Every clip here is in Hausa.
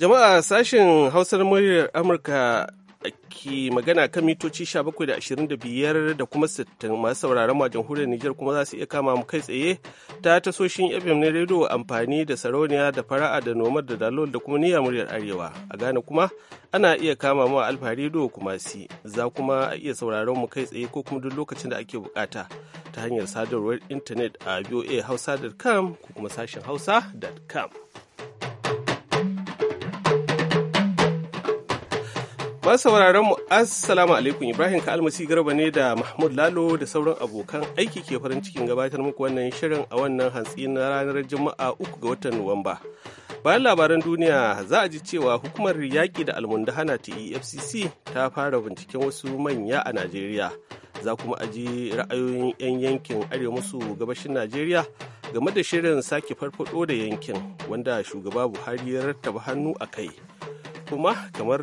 Jama'a sashen Hausar muryar Amurka ke magana kan mitoci 17.25 da kuma 60 masu sauraron ma jamhuriyar Nijar kuma za su iya kama mu kai tsaye ta tasoshin FM na rediyo amfani da sarauniya da fara'a da nomar da dalol da kuma niyyar muryar arewa a gane kuma ana iya kama mu a alfa rediyo kuma si za kuma a iya sauraron mu kai tsaye ko kuma duk lokacin da ake bukata ta hanyar sadarwar intanet a voahausa.com ko kuma sashen hausa.com. Masu sauraron mu Assalamu alaikum Ibrahim ka garba ne da Mahmud Lalo da sauran abokan aiki ke farin cikin gabatar muku wannan shirin a wannan hantsi na ranar Juma'a uku ga watan Nuwamba. Bayan labaran duniya za a ji cewa hukumar yaƙi da almundahana ta EFCC ta fara binciken wasu manya a Najeriya. Za kuma a ji ra'ayoyin 'yan yankin arewa musu gabashin Najeriya game da shirin sake farfado da yankin wanda shugaba Buhari ya rattaba hannu a kai. kuma kamar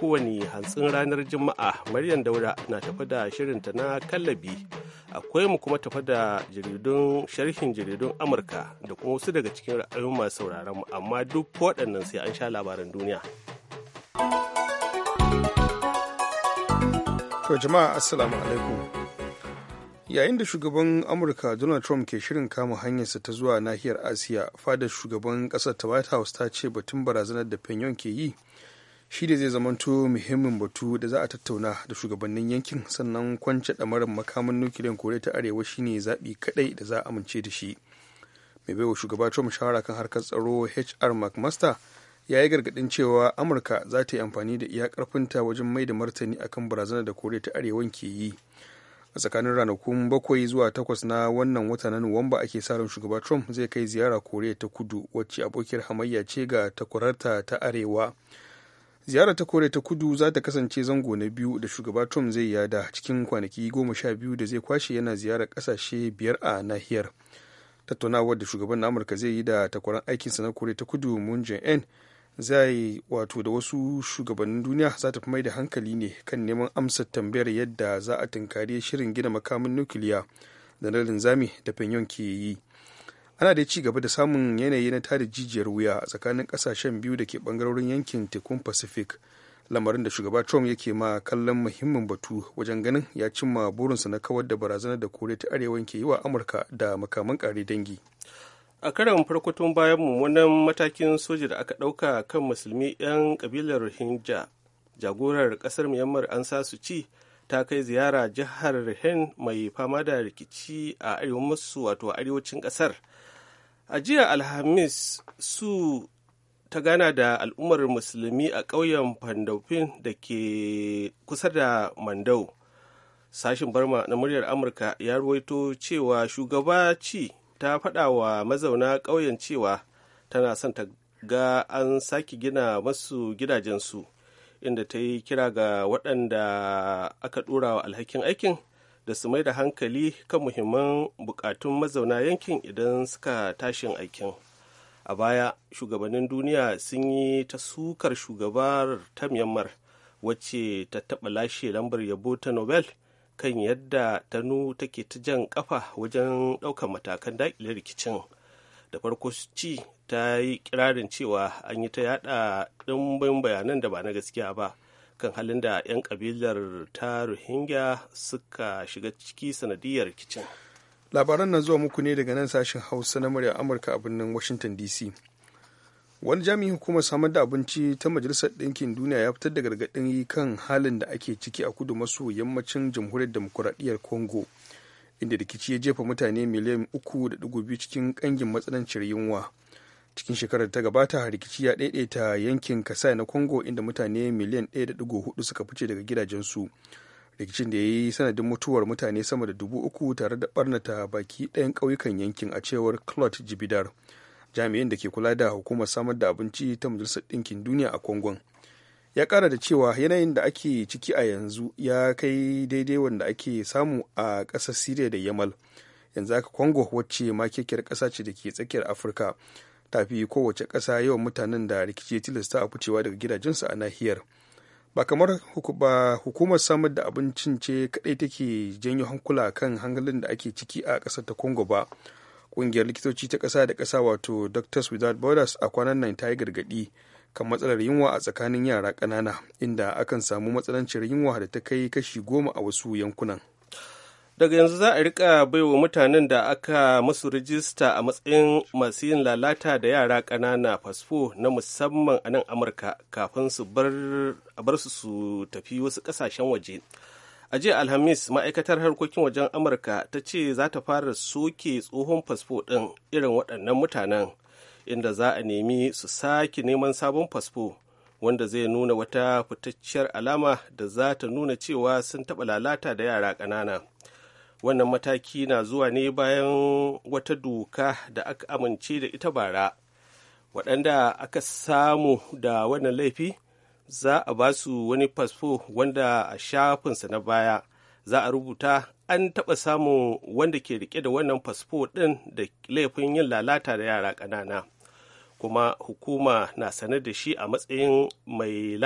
kowane hantsin ranar juma'a maryam daura na tafi da shirinta na kallabi akwai mu kuma tafi da jaridun sharhin jaridun amurka da kuma wasu daga cikin ra'ayoyin masu sauraron mu amma duk waɗannan sai an sha labaran duniya to jama'a assalamu alaikum yayin da shugaban amurka donald trump ke shirin kama hanyarsa ta zuwa nahiyar asiya fadar shugaban kasar ta white house ta ce batun barazanar da fenyon ke yi shi ne zai zamanto muhimmin batu da za a tattauna da shugabannin yankin sannan kwance damar makamin nukiliyar kore ta arewa shine zaɓi kaɗai da za a amince da shi mai baiwa shugaba trump shawara kan harkar tsaro hr mcmaster ya yi gargaɗin cewa amurka za ta yi amfani da iya ƙarfinta wajen mai da martani akan barazanar da kore ta arewa ke yi a tsakanin ranakun bakwai zuwa takwas na wannan wata na nuwamba ake sa ran shugaba trump zai kai ziyara koriya ta kudu wacce abokiyar hamayya ce ga takwararta ta arewa ziyara ta koriya ta kudu za ta kasance zango na biyu da shugaba trump zai yada cikin kwanaki goma sha biyu da zai kwashe yana ziyarar kasashe biyar a nahiyar tattaunawar da shugaban amurka zai yi da takwaran aikinsa na koriya ta kudu moon jae zai wato da wasu shugabannin duniya za ta fi mai da hankali ne kan neman amsar tambayar yadda za a tunkari shirin gina makamin nukiliya da na linzami da fanyon ke yi ana da ci gaba da samun yanayi na tada jijiyar wuya a tsakanin kasashen biyu da ke bangarorin yankin tekun pacific lamarin da shugaba trump yake ma kallon muhimmin batu wajen ganin ya cimma burinsa na kawar da barazanar da koriya ta arewa ke yi wa amurka da makaman kare dangi a karan farko tun bayan mummunan matakin soja da aka ɗauka kan musulmi 'yan ƙabilar rohingya jagorar ƙasar myanmar an sa su ci ta kai ziyara jihar rahin mai fama da rikici a arewa masu wato arewacin ƙasar a jiya alhamis su ta gana da al'ummar musulmi a ƙauyen fandaufin da ke kusa da mandau sashin barma na muryar amurka ya ruwaito cewa shugaba ci ta faɗa wa mazauna ƙauyen cewa tana son ta ga an sake gina masu gidajensu inda ta yi kira ga waɗanda aka ɗora wa alhakin aikin da su mai da hankali kan muhimman buƙatun mazauna yankin idan suka tashin aikin a baya shugabannin duniya sun yi ta sukar shugabar ta myanmar wacce ta taɓa lashe lambar yabo ta nobel kan yadda tanu take ta jan kafa wajen ɗaukar matakan daƙile rikicin da farko ci ta yi kirarin cewa an yi ta yada ɗimbin bayanan da ba na gaskiya ba kan halin da 'yan kabilar ta rohingya suka shiga ciki sanadiyar rikicin labaran na zuwa muku ne daga nan sashen hausa na murya amurka a birnin washington dc wani jami'in hukumar samar da abinci ta majalisar ɗinkin duniya ya fitar da gargaɗin kan halin da ake ciki a kudu maso yammacin jamhuriyar demokuraɗiyyar congo inda rikici ya jefa mutane miliyan uku da cikin ƙangin matsanancin yunwa cikin shekarar ta gabata rikici ya ɗaiɗaita yankin kasai na congo inda mutane miliyan ɗaya da suka fice daga gidajensu rikicin da ya yi sanadin mutuwar mutane sama da dubu uku tare da barnata baki ɗayan ƙauyukan yankin a cewar claude jibidar jami'in da ke kula da hukumar samar da abinci ta majalisar ɗinkin duniya a kongon ya ƙara da cewa yanayin da ake ciki a yanzu ya kai daidai wanda ake samu a ƙasar siriya da yamal yanzu aka kongo wacce makekiyar ƙasa ce da ke tsakiyar afirka ta fi kowace ƙasa yawan mutanen da rikici tilasta a ficewa daga gidajensu a nahiyar ba kamar ba hukumar samar da abincin ce kaɗai take janyo hankula kan hankalin da ake ciki a ƙasar ta kongo ba kungiyar likitoci ta ƙasa da ƙasa wato doctors without borders a kwanan nan ta yi gargaɗi kan matsalar yunwa a tsakanin yara ƙanana inda akan samu matsalancin yunwa da ta kai kashi goma a wasu yankunan daga yanzu za a rika baiwa mutanen da aka musu rijista a matsayin masu yin lalata da yara ƙanana fasfo na musamman a nan amurka kafin su bar su tafi wasu ƙasashen waje a jiya alhamis ma'aikatar harkokin wajen amurka ta ce za ta fara soke tsohon fasfo ɗin irin waɗannan mutanen inda za a nemi su sake neman sabon fasfo wanda zai nuna wata fitacciyar alama da za ta nuna cewa sun taɓa lalata da yara ƙanana wannan mataki na zuwa ne bayan wata doka da aka amince da ita bara waɗanda aka samu da wannan laifi za a ba su wani fasfo wanda a shafinsa na baya za a rubuta an taɓa samun wanda ke rike da wannan fasfo ɗin da laifin yin lalata da yara ƙanana kuma hukuma na sanar da shi a matsayin mai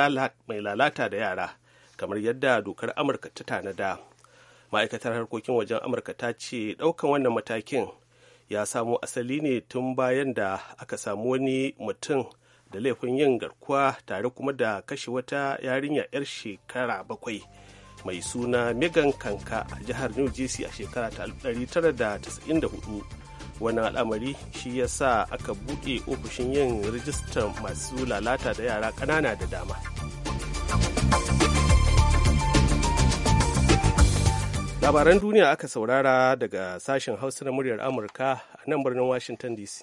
lalata da yara kamar yadda dokar amurka ta tanada ma'aikatar harkokin wajen amurka ta ce ɗaukan wannan matakin ya samo asali ne tun bayan da aka samu wani mutum da laifin yin garkuwa tare kuma da kashe wata yarinya 'yar shekara bakwai mai suna megan kanka a jihar new jersey a shekara ta 1994 wannan al'amari shi ya sa aka buɗe ofishin yin rijistar masu lalata da yara ƙanana da dama labaran duniya aka saurara daga sashen hausa na muryar amurka a nan birnin washington dc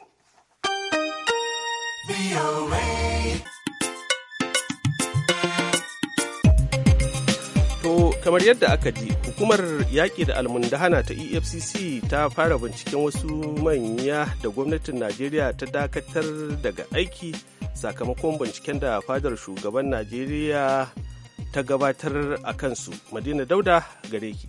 To, kamar yadda aka ji, hukumar yaƙi da almundahana ta EFCC ta fara binciken wasu manya da gwamnatin Najeriya ta dakatar daga aiki sakamakon binciken da fadar shugaban Najeriya ta gabatar a kansu. Madina Dauda gare ki.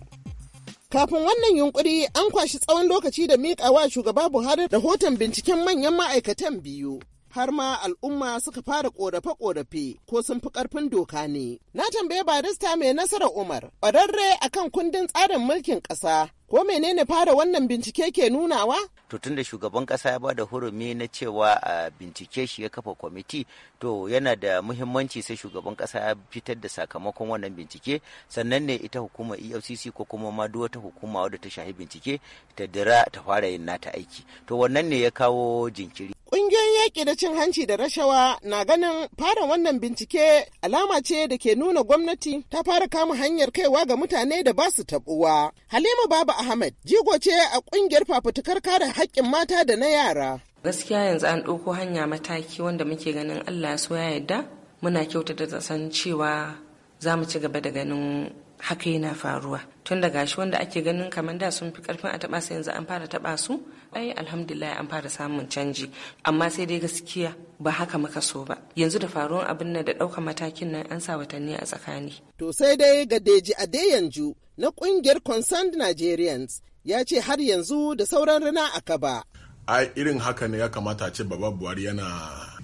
kafin wannan yunkuri an kwashi tsawon lokaci da miƙawa wa shugaba buhari rahoton binciken manyan ma'aikatan biyu har ma al'umma suka fara korafe-korafe ko sun fi karfin doka ne. Na tambaye barista mai nasarar Umar, ƙwararre akan kundin tsarin mulkin ƙasa, ko menene fara wannan bincike ke nunawa? To tunda shugaban ƙasa ya bada hurumi na cewa a bincike shi ya kafa kwamiti, to yana da muhimmanci sai shugaban ƙasa ya fitar da sakamakon wannan bincike, sannan ne ita hukumar EFCC ko kuma ma duk wata hukuma wadda ta shahi bincike ta dira ta fara yin nata aiki. To wannan ne ya kawo jinkiri. Ƙungiyoyin yaƙi da cin hanci da rashawa na ganin fara wannan bincike alama ce da ke nuna gwamnati ta fara kama hanyar kaiwa ga mutane da ba su taɓuwa. Halima Baba Ahmed jigo ce a ƙungiyar fafutukar kare haƙƙin mata da na yara. Gaskiya yanzu an ɗauko hanya mataki wanda muke ganin Allah ya so ya yarda muna kyautata da san cewa za mu ci gaba da ganin haka yana faruwa tun da gashi wanda ake ganin kamar da sun fi karfin a taba su yanzu an fara taɓa su ai alhamdulillah an fara samun canji amma sai dai gaskiya ba haka muka so ba yanzu da faruwar abin nan da ɗaukar matakin nan an sa watanni a tsakani to sai dai ga deji adeyanju na kungiyar concerned nigerians ya ce har yanzu da sauran rana a ba. a irin haka ne ya kamata ce baba buhari yana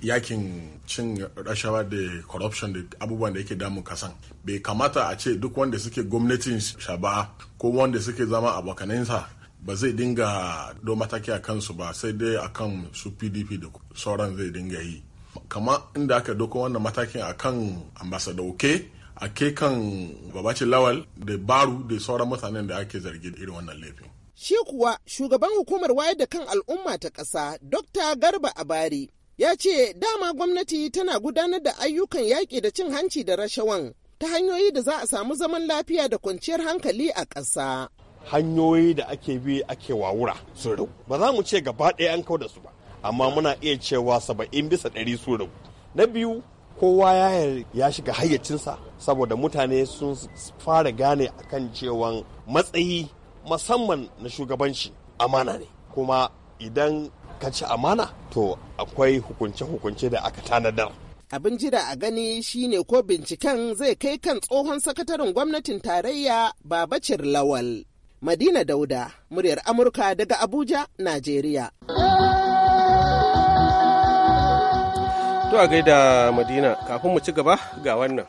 yakin cin rashawa da corruption da abubuwan da yake damun kasan bai kamata a ce duk wanda suke gwamnatin shaba'a ko wanda suke zama abokanansa ba zai dinga do mataki a kansu ba sai dai akan su pdp da sauran zai dinga yi kama inda aka doko wannan matakin akan ambasada oke a ke kan babacin lawal da baru da sauran mutanen da ake zargi irin wannan laifin Shi kuwa shugaban hukumar wayar da kan al'umma ta ƙasa, Dr. Garba Abari, ya ce dama gwamnati tana gudanar da ayyukan yaƙi da cin hanci da rashawan ta hanyoyi da za a samu zaman lafiya da kwanciyar hankali a ƙasa. Hanyoyi da ake bi ake wawura sun Ba za mu ce gaba ɗaya an kau da su ba, amma muna iya cewa saba'in bisa ɗari sun ragu. Na biyu kowa ya shiga hayyacinsa saboda mutane sun fara gane akan cewa matsayi musamman na shugabanci amana ne kuma idan ka ci amana to akwai hukunce-hukunce da aka tanadar abin jira a gani shine ko binciken zai kai kan tsohon sakataren gwamnatin tarayya babacir lawal madina dauda muryar amurka daga abuja najeriya to a gaida madina kafin mu ci gaba ga wannan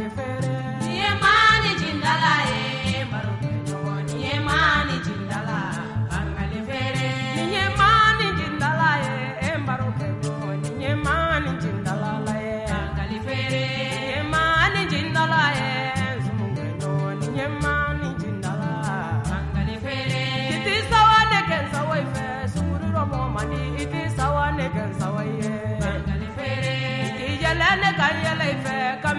diferente.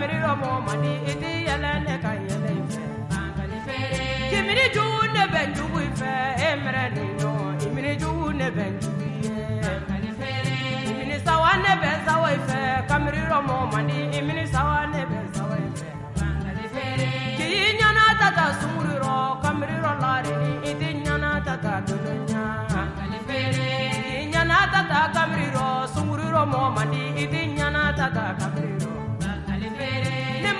kimiri yɔmɔ mandi i ti yɛlɛ ne ka yɛlɛ i fɛ. kimiri jugu ne bɛ jugu i fɛ e mɛrɛ de nɔ kimiri jugu ne bɛ jugu i ye. kimiri sawa ne bɛ sawa i fɛ kamiri yɔmɔ mandi kimiri sawa ne bɛ sawa i fɛ. k'i ɲana tata sunguru rɔ kamiri rɔ laari i ti ɲana tata dolo ɲa. k'i ɲana tata kamiri rɔ sunguru rɔ mɔ mandi i ti ɲana tata kamiri.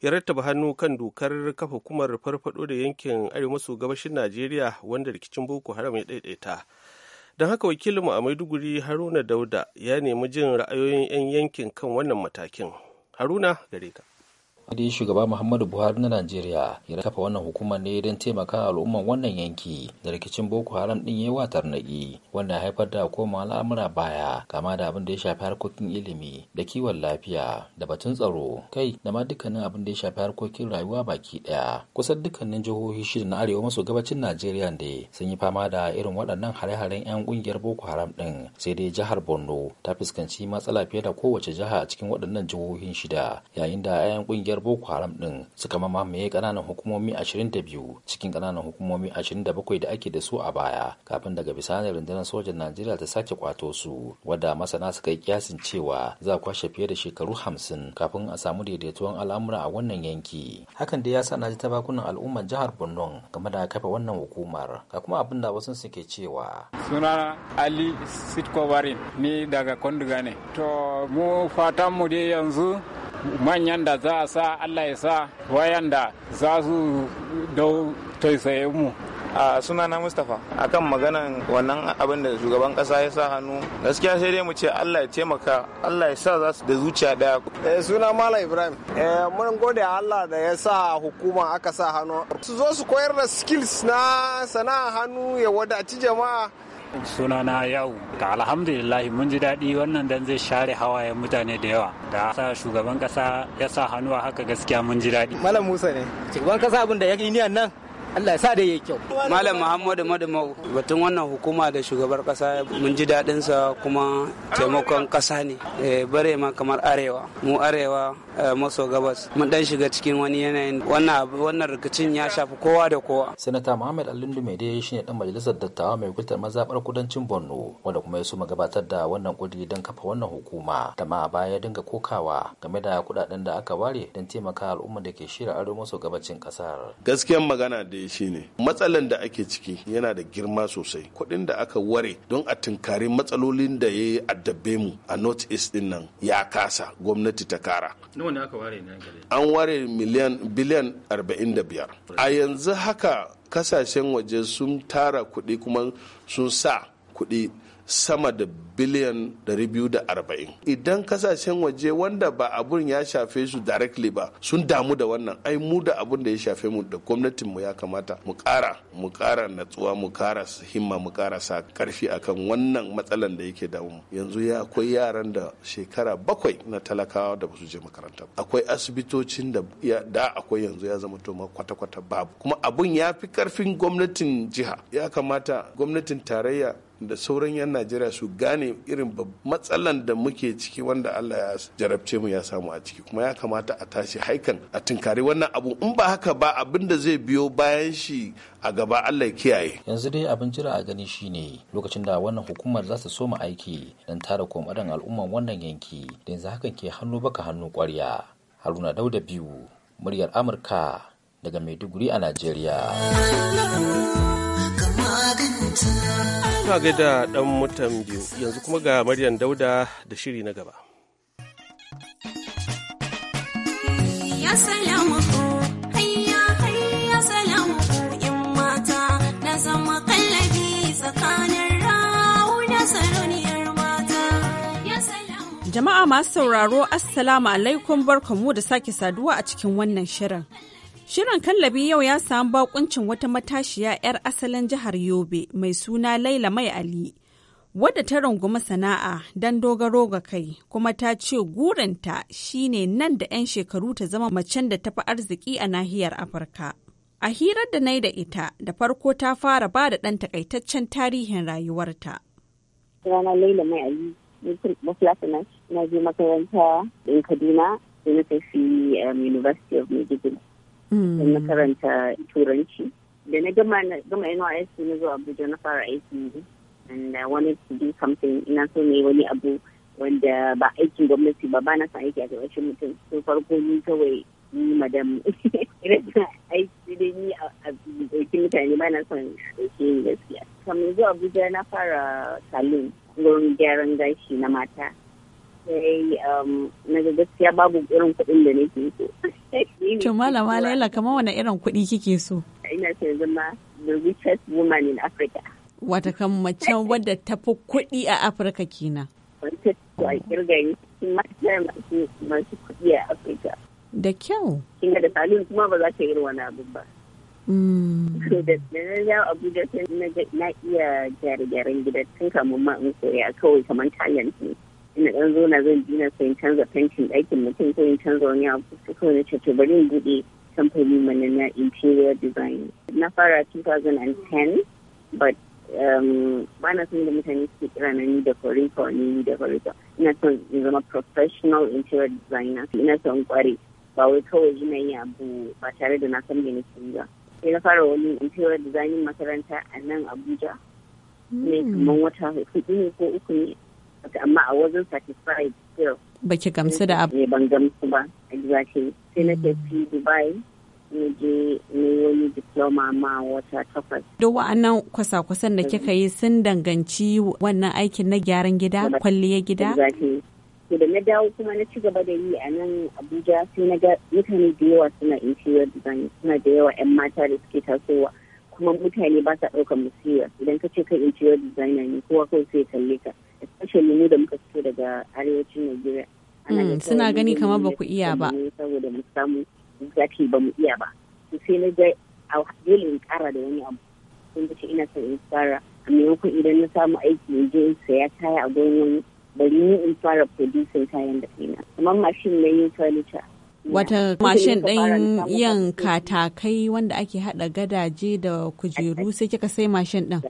ya rattaba hannu kan dokar kafa hukumar farfado da yankin arewa maso gabashin najeriya wanda rikicin boko haram ya daidaita don haka wakilinmu a maiduguri haruna dauda ya nemi jin ra'ayoyin 'yan yankin kan wannan matakin haruna gare ka dai shugaba muhammadu buhari na najeriya ya kafa wannan hukuma ne don taimaka al'umman wannan yanki da rikicin boko haram din ya wa tarnaki wanda ya haifar da koma al'amura baya kama da abin da ya shafi harkokin ilimi da kiwon lafiya da batun tsaro kai da ma dukkanin abin da ya shafi harkokin rayuwa baki ɗaya. kusan dukkanin jihohi shida na arewa maso gabacin najeriya ne sun yi fama da irin waɗannan hare-haren 'yan ƙungiyar boko haram din sai dai jihar borno ta fuskanci matsala fiye da kowace jiha a cikin waɗannan jihohin shida yayin da 'yan ƙungiyar kungiyar boko haram din suka mamaye kananan hukumomi 22 cikin kananan hukumomi 27 da ake da su a baya kafin daga bisani rundunar sojan najeriya ta sake kwato su wadda masana suka yi kiyasin cewa za kwashe fiye da shekaru 50 kafin a samu daidaituwan al'amura a wannan yanki hakan da ya sa naji tabakunan al'ummar jihar borno game da kafa wannan hukumar ga kuma abin da wasu suke cewa suna ali sitko ni daga konduga ne to mu fatan mu dai yanzu manyan da za a sa allah ya sa wayanda za su dau taisaye mu a sunana mustapha akan maganan wannan abin da shugaban kasa ya sa hannu gaskiya sai dai mu ce allah ya taimaka allah ya sa za su da zuciya daya eh suna Malam ibrahim eh mun gode allah da ya sa hukuma aka sa hannu su zo su koyar da skills na sana'a hannu ya wadaci jama'a sunana yau ga alhamdulillah mun ji daɗi wannan dan zai share hawaye mutane da yawa da sa shugaban kasa ya sa hannu haka gaskiya mun ji daɗi malam musa ne shugaban kasa abin da ya yi niyan nan Allah ya sa da yake kyau. Malam Muhammadu Madumau batun wannan hukuma da shugabar kasa mun ji daɗin sa kuma taimakon kasa ne. Eh, bare ma kamar arewa. Mu arewa Eh, maso gabas mun dan shiga cikin wani yanayin wannan rikicin ya shafi kowa da kowa sanata muhammad alindu mai dai shine dan majalisar dattawa mai wakiltar mazabar kudancin borno wanda kuma ya so gabatar da wannan kudi don kafa wannan hukuma da ma baya ya dinga kokawa game da kudaden da aka ware don taimaka al'umma da ke shirya aro maso gabacin kasar gaskiyan magana da ya shine matsalan da ake ciki yana da girma sosai kuɗin da aka ware don a tunkari matsalolin da ya addabe mu a north east din nan ya kasa gwamnati ta kara an ware biliyan an ware miliyan biliyan 45 a yanzu haka kasashen waje sun tara kuɗi kuma sun sa kuɗi sama da biliyan 240 idan kasashen waje wanda ba abun ya shafe su directly ba sun damu da wannan ai mu da abun da ya shafe mu da gwamnatinmu ya kamata mu kara mu kara natsuwa mu kara himma mu kara sa karfi akan wannan matsalan da yake damu yanzu ya akwai yaran da shekara bakwai na talakawa da basu je makaranta akwai asibitocin da da akwai yanzu ya zama to kwata-kwata babu kuma abun ya fi karfin gwamnatin jiha ya kamata gwamnatin tarayya da sauran 'yan najeriya su gane irin matsalan da muke ciki wanda allah ya jarabce mu ya samu a ciki kuma ya kamata a tashi haikan a tunkari wannan abu in ba haka ba abin da zai biyo bayan shi a gaba allah ya kiyaye yanzu dai abin jira a gani shine lokacin da wannan hukumar za ta soma aiki don tara komadan al'umman wannan yanki da yanzu hakan ke hannu baka hannu kwarya haruna dauda biyu muryar amurka daga maiduguri a najeriya Ina ga da ɗan mutan biyu yanzu kuma ga Maryam Dauda da shiri na gaba. Ya salamu mata na zama tsakanin Jama'a masu sauraro, Assalamu alaikum barkamu da sake saduwa a cikin wannan shirin. Shirin kallabi yau ya samu bakuncin wata matashiya 'yar asalin jihar Yobe mai suna Laila Mai Ali, wadda ta rungumi sana'a don dogaro ga kai kuma ta ce gurinta shine nan da 'yan shekaru ta zama macen da tafi arziki a nahiyar Afirka. A hirar da na da ita da farko ta fara ba da ɗan takaitaccen tarihin rayuwarta. Rana Laila Mai Ali, na je makaranta in Kaduna, da na um, University of Maiduguri. da mm. makaranta turanci da na gama nysc na zuwa abuja na fara aiki and i wanted to do something ina so ne wani abu wanda ba aikin gwamnati ba ba na san aiki a gabashin mutum so farko ni kawai ni madam aiki da ni a ɗauki mutane ba na son ɗauki yin gaskiya kamar zuwa abuja na fara salon wurin gyaran gashi na mata sai um, na ga gaskiya babu irin kuɗin da nake so. To malama Laila kamar wani irin kuɗi kike so? Ina so zama the richest woman in Africa. Wata kan mace wadda ta fi kuɗi a Afirka kina. Wata to a mata masu kuɗi a Afirka. Da kyau. Kinga da salon kuma ba za ta yi wani abu ba. Mm. So da na za Abuja sai na iya gyare-gyaren gida tun kamun ma in koya kawai kamar talent ne. Ina ɗan zo na zan dina ko in canza fentin aikin mutum ko in canza wani abu ko na ce bari in buɗe kamfani mana na interior design na fara 2010 but um, ba na san da mutane suke kira na ni da ko ni da koriko ina son in zama professional interior designer ina son kware ba wai kawai ina yi abu ba tare da na san da nake yi ba sai na fara wani interior designing makaranta a nan abuja ne hmm. kamar wata hudu ne ko uku ne amma a wajen satisfied still. Baki gamsu da abu. ban gamsu ba, exactly. Sai na tafi Dubai, na je wani diploma ma wata takwas. Do wa'annan kwasa-kwasan da kika yi sun danganci wannan aikin na gyaran gida, kwalliya gida? Exactly. da na dawo kuma na ci gaba da yi a nan Abuja sai na ga mutane da yawa suna interior design, suna da yawa 'yan mata da suke tasowa. kuma mutane ba sa ɗaukar musiya idan ka ce kai interior designer ne kowa kawai sai kalle ka. especially mu da muka fito daga arewacin Najeriya. Hmm, suna gani kamar ba ku iya ba. Saboda mu samu exactly ba mu iya ba. Sai na ga a dole in kara da wani abu. Sun ce ina son in fara a maimakon idan na samu aiki in je in saya kaya a gurin wani bari ni in fara producing kayan da kaina. Kamar mashin na yin furniture. Wata mashin ɗin yin katakai wanda ake haɗa gadaje da kujeru sai kika sai mashin ɗin.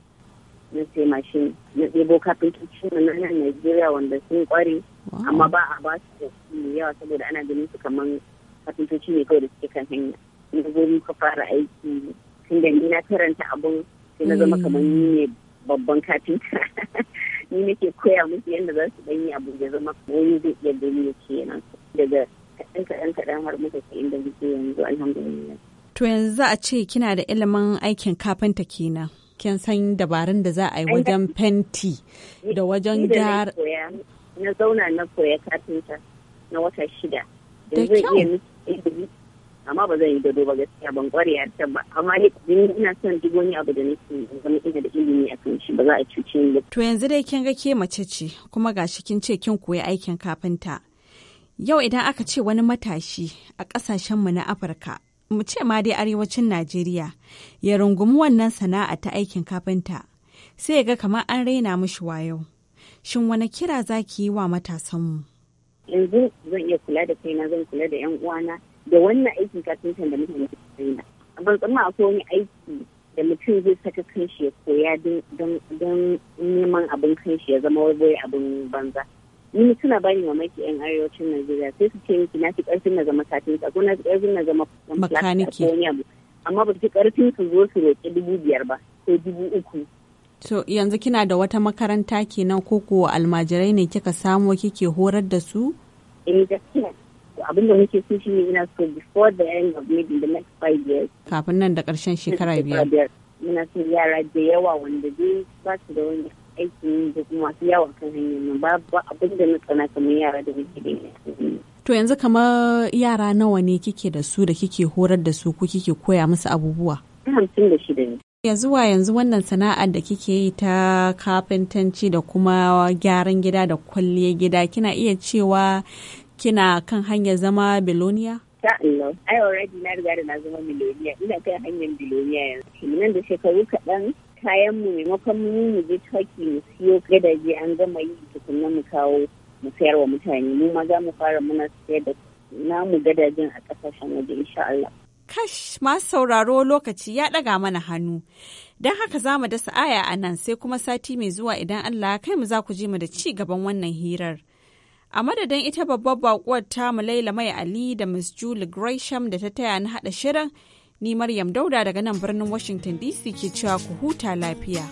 na sai mashin na ɗebo kicin na nan Najeriya wanda sun kware amma ba a ba su yawa saboda ana ganin su kaman kafintoci ne kawai da suke kan hanya na zo muka fara aiki tun da ni na karanta abun sai na zama kaman ni ne babban kafin ni nake koya musu yadda za su ɗanyi abu da zama wani zai iya gani kenan daga kaɗan kaɗan kaɗan har muka ke inda muke yanzu alhamdulillah to yanzu za a ce kina da ilimin aikin kafinta kenan kin san dabarun da za a yi wajen fenti da wajen gyar na zauna na koya kafinta na wata shida da kyau amma ba zan yi gado ba gaskiya ban kware a ba amma ni ina son duk wani abu da nake zama ina da ilimi a kan shi ba za a cuce ni ba to yanzu dai kin ga ke mace ce kuma ga shi kin ce kin koyi aikin kafinta yau idan aka ce wani matashi a kasashen mu na Afirka mu ce ma dai arewacin Najeriya ya rungumi wannan sana'a ta aikin kafinta sai ya ga kamar an raina mishi wayo. Shin wani kira za ki yi wa matasanmu? Yanzu zan iya kula da kaina zan kula da 'yan uwana da wannan aikin kafinta da mutane ke raina. Ban tsamma akwai wani aiki da mutum zai saka kanshi ya koya don neman abin kanshi ya zama wai abin banza. ni suna bani mamaki yan arewacin najeriya sai su ce miki na fi karfin na zama katinka ko na fi karfin na zama makaniki amma ba su fi karfin su zo su roƙi dubu biyar ba ko dubu uku To yanzu kina da wata makaranta kenan ko ko almajirai ne kika samo kike horar da su? Eh gaskiya. Abin da muke so shi ne ina so before the end of maybe the next five years. Kafin nan da karshen shekara biyar. Muna so yara da yawa wanda dai ba su da wani aikin da kuma masu yawa kan hanyar nan babu abin da na tsana kamar yara da muke da To yanzu kamar yara nawa ne kike da su da kike horar da su ko kike koya musu abubuwa? Hamsin da shida ne. Ya zuwa yanzu wannan sana'ar da kike yi ta kafintanci da kuma gyaran gida da kwalliya gida kina iya cewa kina kan hanyar zama biloniya ta Allah, ai already na riga da na zama miloniya, ina kan hanyar biloniya yanzu. Nan da shekaru kaɗan kayan mu maimakon mu mu je turkey mu siyo gadaje an gama yi tukunna mu kawo mu sayar wa mutane mu ma za mu fara muna sayar da namu gadajen a kasashen waje insha Allah. Kash masu sauraro lokaci ya ɗaga mana hannu. Don haka za mu dasa aya a nan sai kuma sati mai zuwa idan Allah kai mu za ku ji mu da ci gaban wannan hirar. A madadin ita babbar baƙuwar ta mu Laila Mai Ali da Miss Julie Gresham da ta taya na haɗa shirin Ni Maryam Dauda daga nan birnin Washington DC ke cewa ku huta lafiya.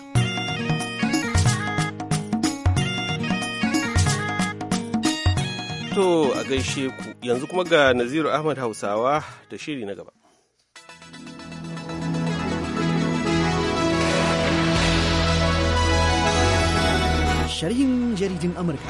To a gaishe ku yanzu kuma ga Naziru Ahmad Hausawa da shiri na gaba. Sharhin jaridin Amurka.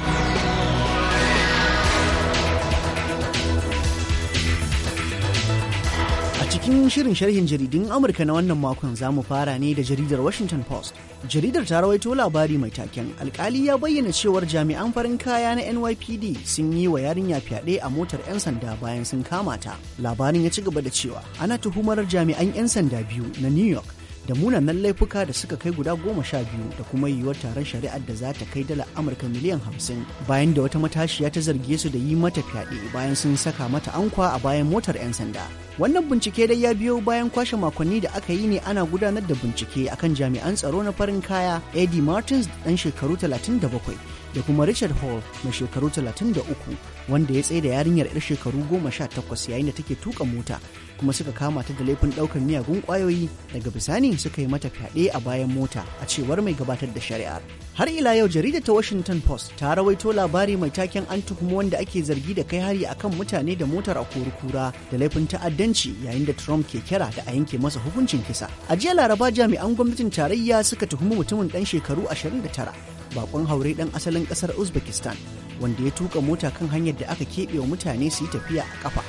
cikin shirin sharhin jaridun Amurka na wannan makon za mu fara ne da jaridar Washington Post. Jaridar ta rawaito labari mai taken alkali ya bayyana cewar jami'an farin kaya na NYPD sun yi wa yarinya fyaɗe a motar 'yan sanda bayan sun kama ta. Labarin ya ci gaba da cewa ana tuhumar jami'an 'yan sanda biyu na New York da munanan laifuka da suka kai guda goma sha biyu da kuma yiwuwar taron shari'ar da za ta kai dala amurka miliyan hamsin bayan da wata matashiya ta zarge su da yi mata fyaɗe bayan sun saka mata ankwa a bayan motar 'yan sanda wannan bincike dai ya biyo bayan kwashe makonni da aka yi ne ana gudanar da bincike akan jami'an tsaro na farin kaya eddie martins ɗan shekaru talatin da bakwai, da kuma richard hall mai shekaru talatin da uku, wanda ya tsaye da yarinyar 'yar shekaru goma sha takwas yayin da take tuka mota kuma suka kama ta da laifin ɗaukar miyagun kwayoyi daga bisani suka yi mata fyaɗe a bayan mota a cewar mai gabatar da shari'ar har ila yau jaridar ta washington post ta rawaito labari mai taken an tuhumi wanda ake zargi da kai hari akan mutane da motar a kura da laifin ta'addanci yayin da trump ke kira da a yanke masa hukuncin kisa a jiya laraba jami'an gwamnatin tarayya suka tuhumi mutumin dan shekaru ashirin da tara bakon haure dan asalin kasar uzbekistan wanda ya tuka mota kan hanyar da aka keɓe wa mutane su yi tafiya a kafa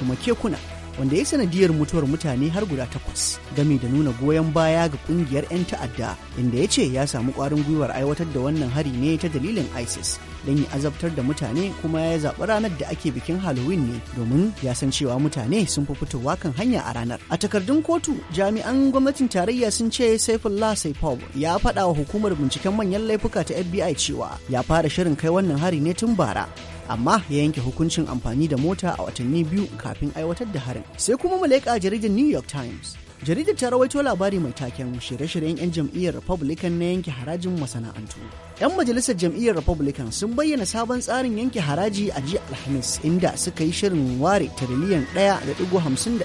kuma kekuna wanda ya sanadiyar mutuwar mutane har guda takwas gami da nuna goyon baya ga kungiyar 'yan ta'adda inda ya ce ya samu kwarin gwiwar aiwatar da wannan hari ne ta dalilin isis don ya azabtar da mutane kuma ya zaɓi ranar da ake bikin halloween ne domin ya san cewa mutane sun fi fitowa kan hanya a ranar a takardun kotu jami'an gwamnatin tarayya sun ce saifullah saipov ya faɗa wa hukumar binciken manyan laifuka ta fbi cewa ya fara shirin kai wannan hari ne tun bara amma ya yanke hukuncin amfani da mota a watanni biyu kafin aiwatar da harin sai kuma malaika jaridar new york times jaridar ta rawaito labari mai taken shirye-shiryen 'yan jam'iyyar republican na yanke harajin masana'antu 'yan majalisar jam'iyyar republican sun bayyana sabon tsarin yanke haraji a jiya alhamis inda suka yi shirin ware tiriliyan 1.51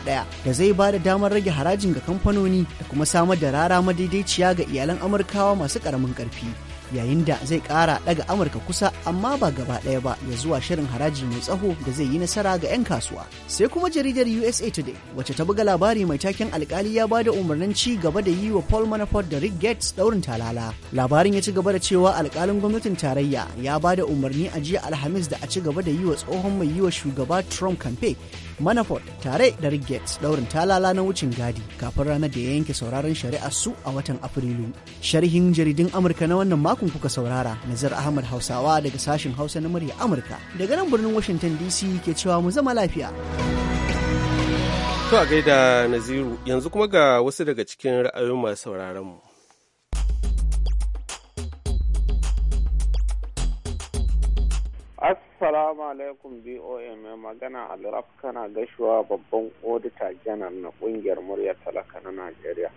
da zai ba da damar rage harajin ga kamfanoni da kuma samar da rara madaidaiciya ga iyalan amurkawa masu karamin karfi yayin da zai kara daga amurka kusa amma ba gaba ɗaya ba ya zuwa shirin haraji mai tsaho da zai yi nasara ga 'yan kasuwa sai kuma jaridar usa today wacce ta buga labari mai taken alkali ya bada umarnin ci gaba da yi wa paul manafort da rick gates daurin talala labarin ya ci gaba da cewa alkalin gwamnatin tarayya ya bada umarni a jiya alhamis da a ci gaba da yi wa tsohon mai yi wa shugaba trump kamfe manafort tare da rick gates daurin talala na wucin gadi kafin ranar da ya yanke sauraron shari'ar su a watan afrilu sharhin jaridun amurka na wannan makon kuka saurara nazar ahmad hausawa daga sashen hausa na murya amurka daga nan birnin washington dc ke cewa mu zama lafiya to a gaida naziru yanzu kuma ga wasu daga cikin ra'ayoyin masu sauraron mu Assalamu alaikum BOM mai magana Alraf kana gashuwa babban odita janar na kungiyar murya talaka na Najeriya.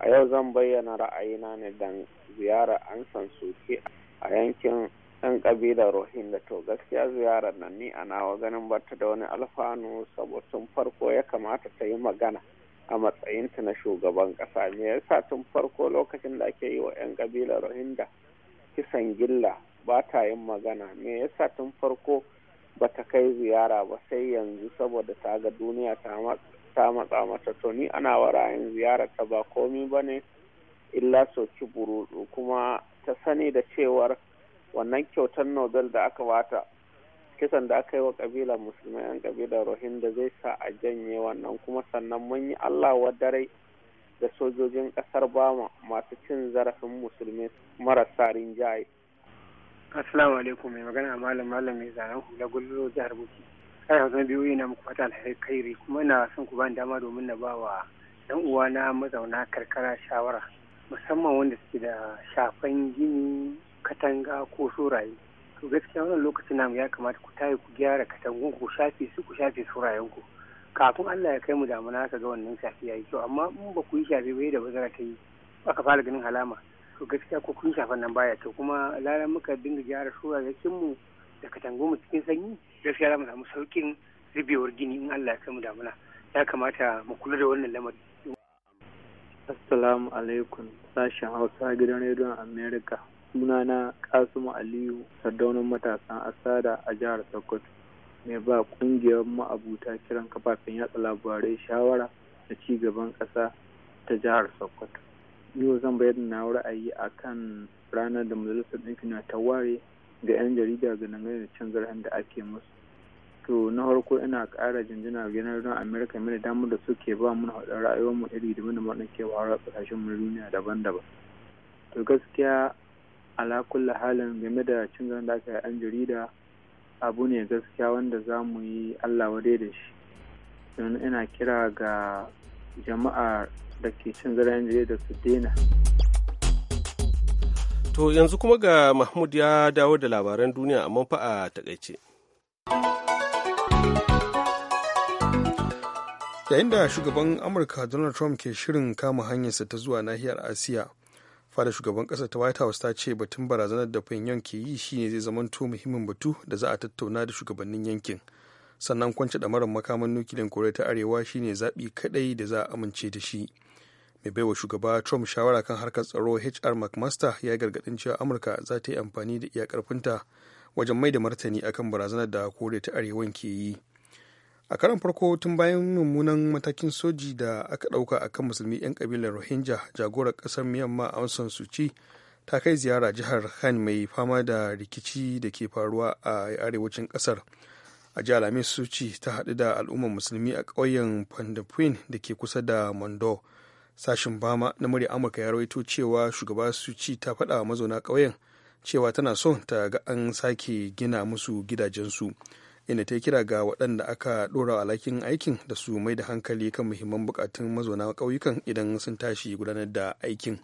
A yau zan bayyana ra'ayina ne dan ziyara an san suke a yankin 'yan ƙabilar da to gaskiya ziyarar nan ni a nawa ganin bata da wani alfanu saboda tun farko ya kamata ta yi magana a matsayinta na shugaban ƙasa me yasa tun farko lokacin da ake yi wa 'yan ƙabilar da kisan gilla ba ta yin magana me yasa tun farko ba ta kai ziyara ba sai yanzu saboda ta ga duniya ta matsa mata to ni ana wara yin ziyara ta ba komi ba ne illa soki burudu kuma ta sani da cewar wannan kyautar nobel da aka bata kisan da aka yi wa kabilar musulmai yan kabilar rohingya zai sa a janye wannan kuma sannan mun yi allah wa dare da sojojin kasar bama masu cin zarafin musulmi marasa rinjaye Assalamu alaikum mai magana malam malam mai zanen hula gullo jihar Bauchi. Kai hausa biyu na muku fata alheri kuma ina son ku bani dama domin na bawa dan uwa na mazauna karkara shawara musamman wanda suke da shafan gini katanga ko suraye. To gaskiya wannan lokacin namu ya kamata ku tayi ku gyara katangun ku shafe su ku shafe surayen ku. Kafin Allah ya kai mu damuna ka ga wannan shafi ya yi kyau amma in ba ku yi shafe bai da bazara ta yi aka fara ganin alama. to gaskiya ko kun shafan nan baya to kuma lalan muka dinga gyara a mu da katangu mu cikin sanyi gaskiya za mu samu saukin zubewar gini in Allah ya kai mu damuna ya kamata mu kula da wannan lamari Assalamu alaikum sashen Hausa gidan rediyon America sunana Kasimu Aliyu sardaunin matasan Asada a jihar Sokoto mai ba kungiyar ma'abuta kiran kafafen yatsa labarai shawara da ci gaban ƙasa ta jihar Sokoto. yau zan bayar da na ra'ayi a kan ranar da majalisar ɗinkin na ta ware ga 'yan jarida ga dangane da cin da ake musu to na farko ina kara jinjina ga gidan amerika mai damar da suke ba mu haɗa ra'ayoyin mu iri daban daban da ke wara ƙasashen mu duniya daban-daban to gaskiya ala halin game da cin zarafin da aka yi 'yan jarida abu ne gaskiya wanda zamu yi allah wadai da shi don ina kira ga jama'ar da ke cin zaren da su daina to yanzu kuma ga mahmud ya dawo da labaran duniya a manfa a takaice yayin da shugaban amurka donald trump ke shirin kama hanyarsa ta zuwa nahiyar asiya fada shugaban kasa ta white house ta ce batun barazanar da pyongyang ke yi shine zai zamanto muhimmin batu da za a tattauna da shugabannin yankin sannan kwance ɗamarin makaman nukiliyar koriya ta arewa shine zaɓi kaɗai da za a amince da shi mai baiwa shugaba trump shawara kan harkar tsaro hr mcmaster ya gargadin cewa amurka za ta yi amfani da iyakar finta wajen mai da martani akan barazanar da kore ta arewan ke yi a karan farko tun bayan mummunan matakin soji da aka ɗauka akan musulmi 'yan kabilar rohingya jagorar ƙasar myanmar amsan suci ta kai ziyara jihar khan mai fama da rikici da ke faruwa a arewacin kasar a ji alhamis suci ta haɗu da al'ummar musulmi a ƙauyen pandapuin da ke kusa da mondo sashin bama na murya amurka ya rawaito cewa shugaba su ci ta faɗa wa mazauna ƙauyen cewa tana son ta ga an sake gina musu gidajensu inda ta kira ga waɗanda aka ɗora alhakin aikin da su mai da hankali kan muhimman buƙatun mazauna ƙauyukan idan sun tashi gudanar da aikin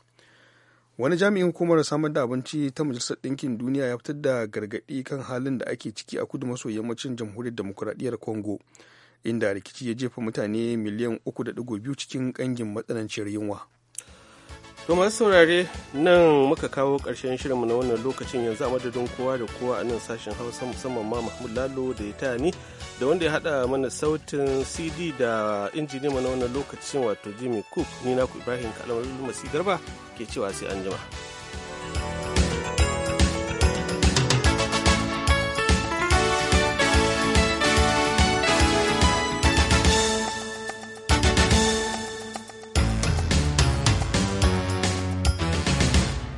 wani jami'in hukumar samar da abinci ta majalisar ɗinkin duniya ya fitar da gargaɗi kan halin da ake ciki a kudu maso yammacin jamhuriyar demokuraɗiyyar congo inda rikici ya jefa mutane miliyan 3.2 cikin kangin matsananciyar yunwa. To masu saurare nan muka kawo ƙarshen shirinmu na wannan lokacin yanzu a madadin kowa da kowa a nan sashen Hausa musamman ma Mahmud Lalo da ya taya ni da wanda ya haɗa mana sautin CD da injini mana wannan lokacin wato Jimmy Cook ni naku Ibrahim Kalamar masu Garba ke cewa sai an jima.